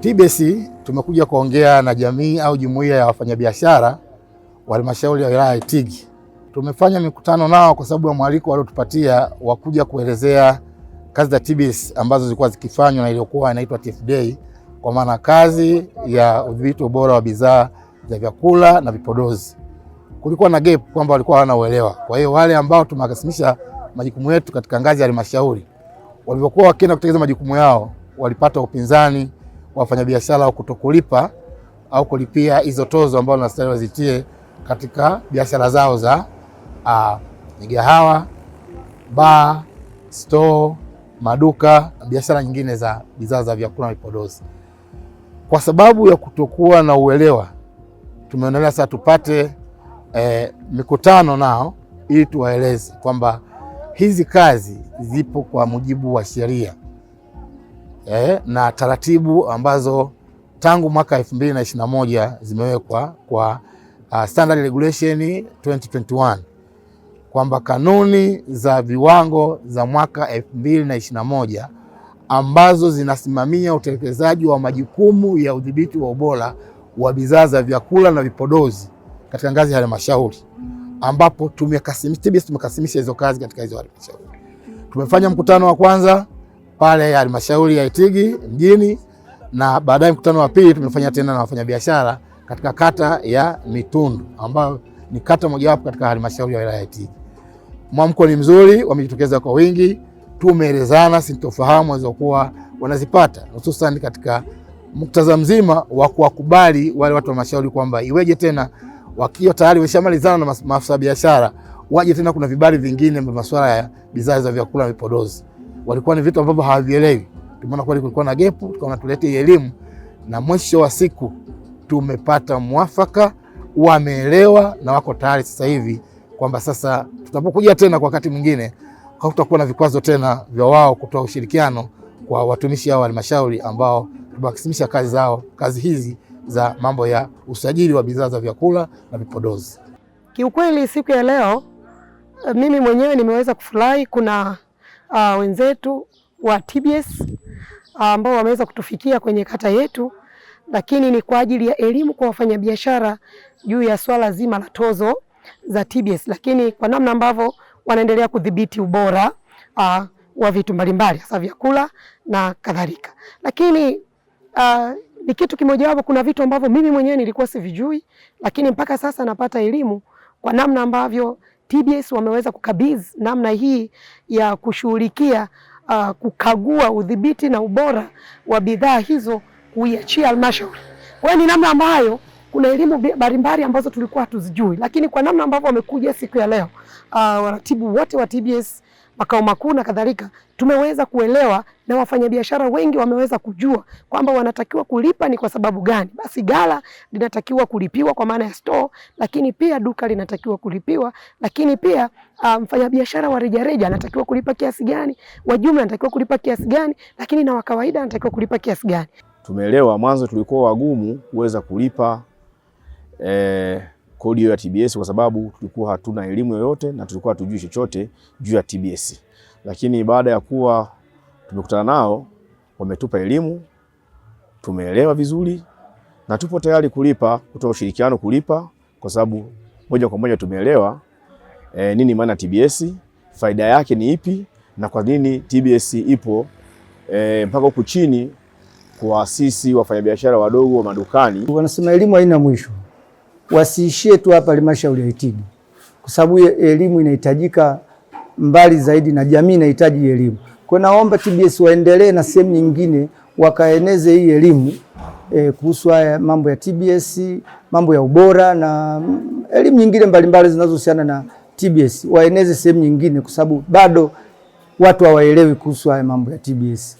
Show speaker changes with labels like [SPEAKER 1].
[SPEAKER 1] TBS tumekuja kuongea na jamii au jumuiya ya wafanyabiashara wa halmashauri ya wilaya ya Itigi. Tumefanya mikutano nao kwa sababu ya mwaliko waliotupatia wa kuja kuelezea kazi za TBS ambazo zilikuwa zikifanywa na iliyokuwa inaitwa TF Day, kwa maana kazi ya udhibiti ubora wa bidhaa za vyakula na vipodozi kulikuwa na gap kwamba walikuwa hawana uelewa. Kwa hiyo wale ambao tumakasimisha majukumu yetu katika ngazi ya halmashauri, walivyokuwa wakienda kutekeleza majukumu yao, walipata upinzani wa wafanyabiashara wa kutokulipa au kulipia hizo tozo ambao wanastahili wazitie katika biashara zao za uh, migahawa, baa, store, maduka na biashara nyingine za bidhaa za vyakula na vipodozi. Kwa sababu ya kutokuwa na uelewa, tumeendelea sasa tupate eh, mikutano nao ili tuwaeleze kwamba hizi kazi zipo kwa mujibu wa sheria eh, na taratibu ambazo tangu mwaka 2021 zimewekwa kwa uh, Standard Regulation 2021 kwamba kanuni za viwango za mwaka 2021 ambazo zinasimamia utekelezaji wa majukumu ya udhibiti wa ubora wa bidhaa za vyakula na vipodozi katika ngazi ya halmashauri ambapo tumekasimisha tumekasimisha hizo kazi katika hizo halmashauri. Tumefanya mkutano wa kwanza pale halmashauri ya Itigi mjini na baadaye mkutano wa pili tumefanya tena na wafanyabiashara katika kata ya Mitundu ambayo ni kata mojawapo katika halmashauri ya wilaya ya Itigi. Mwamko ni mzuri, wamejitokeza kwa wingi, tumeelezana sintofahamu walizokuwa wanazipata hususan katika muktadha mzima wa kuwakubali wale watu wa halmashauri kwamba iweje tena wakiwa tayari wameshamalizana na maafisa biashara, waje tena kuna vibali vingine vya masuala ya bidhaa za vyakula na vipodozi. Walikuwa ni vitu ambavyo hawavielewi. Tumeona kweli kulikuwa na gepu, tukaona tulete elimu, na mwisho wa siku tumepata mwafaka, wameelewa na wako tayari sasa hivi kwamba sasa tutapokuja tena kwa wakati mwingine hakutakuwa na vikwazo tena vya wao kutoa ushirikiano kwa watumishi hao wa halmashauri ambao tumewakisimisha kazi zao kazi hizi za mambo ya usajili wa bidhaa za vyakula na vipodozi.
[SPEAKER 2] Kiukweli siku ya leo eh, mimi mwenyewe nimeweza kufurahi. Kuna uh, wenzetu wa TBS ah, ambao uh, wameweza kutufikia kwenye kata yetu, lakini ni kwa ajili ya elimu kwa wafanyabiashara juu ya swala zima la tozo za TBS, lakini kwa namna ambavyo wanaendelea kudhibiti ubora uh, wa vitu mbalimbali hasa vyakula na kadhalika, lakini uh, ni kitu kimojawapo. Kuna vitu ambavyo mimi mwenyewe nilikuwa sivijui, lakini mpaka sasa napata elimu kwa namna ambavyo TBS wameweza kukabidhi namna hii ya kushughulikia uh, kukagua udhibiti na ubora wa bidhaa hizo kuiachia halmashauri. Kwa hiyo ni namna ambayo kuna elimu mbalimbali ambazo tulikuwa hatuzijui, lakini kwa namna ambavyo wamekuja siku ya leo uh, waratibu wote wa TBS makao makuu na kadhalika, tumeweza kuelewa na wafanyabiashara wengi wameweza kujua kwamba wanatakiwa kulipa ni kwa sababu gani. Basi gala linatakiwa kulipiwa kwa maana ya store, lakini pia duka linatakiwa kulipiwa, lakini pia ah, mfanyabiashara um, wa rejareja anatakiwa kulipa kiasi gani, wa jumla anatakiwa kulipa kiasi gani, lakini na wa kawaida anatakiwa kulipa kiasi gani.
[SPEAKER 3] Tumeelewa mwanzo tulikuwa wagumu kuweza kulipa eh kodi ya TBS kwa sababu tulikuwa hatuna elimu yoyote na tulikuwa hatujui chochote juu ya TBS. Lakini baada ya kuwa tumekutana nao, wametupa elimu, tumeelewa vizuri na tupo tayari kulipa, kutoa ushirikiano kulipa, kwa sababu moja kwa moja tumeelewa e, nini maana TBS, faida yake ni ipi na kwa nini TBS ipo e, mpaka huku chini kwa sisi wafanyabiashara wadogo wa madukani.
[SPEAKER 4] Wanasema elimu haina mwisho wasiishie tu hapa halmashauri ya Itigi, kwa sababu elimu inahitajika mbali zaidi na jamii inahitaji elimu. Kwa naomba TBS waendelee na sehemu nyingine wakaeneze hii elimu e, kuhusu haya mambo ya TBS, mambo ya ubora na elimu nyingine mbalimbali zinazohusiana na TBS waeneze sehemu nyingine, kwa sababu bado watu hawaelewi kuhusu haya mambo ya TBS.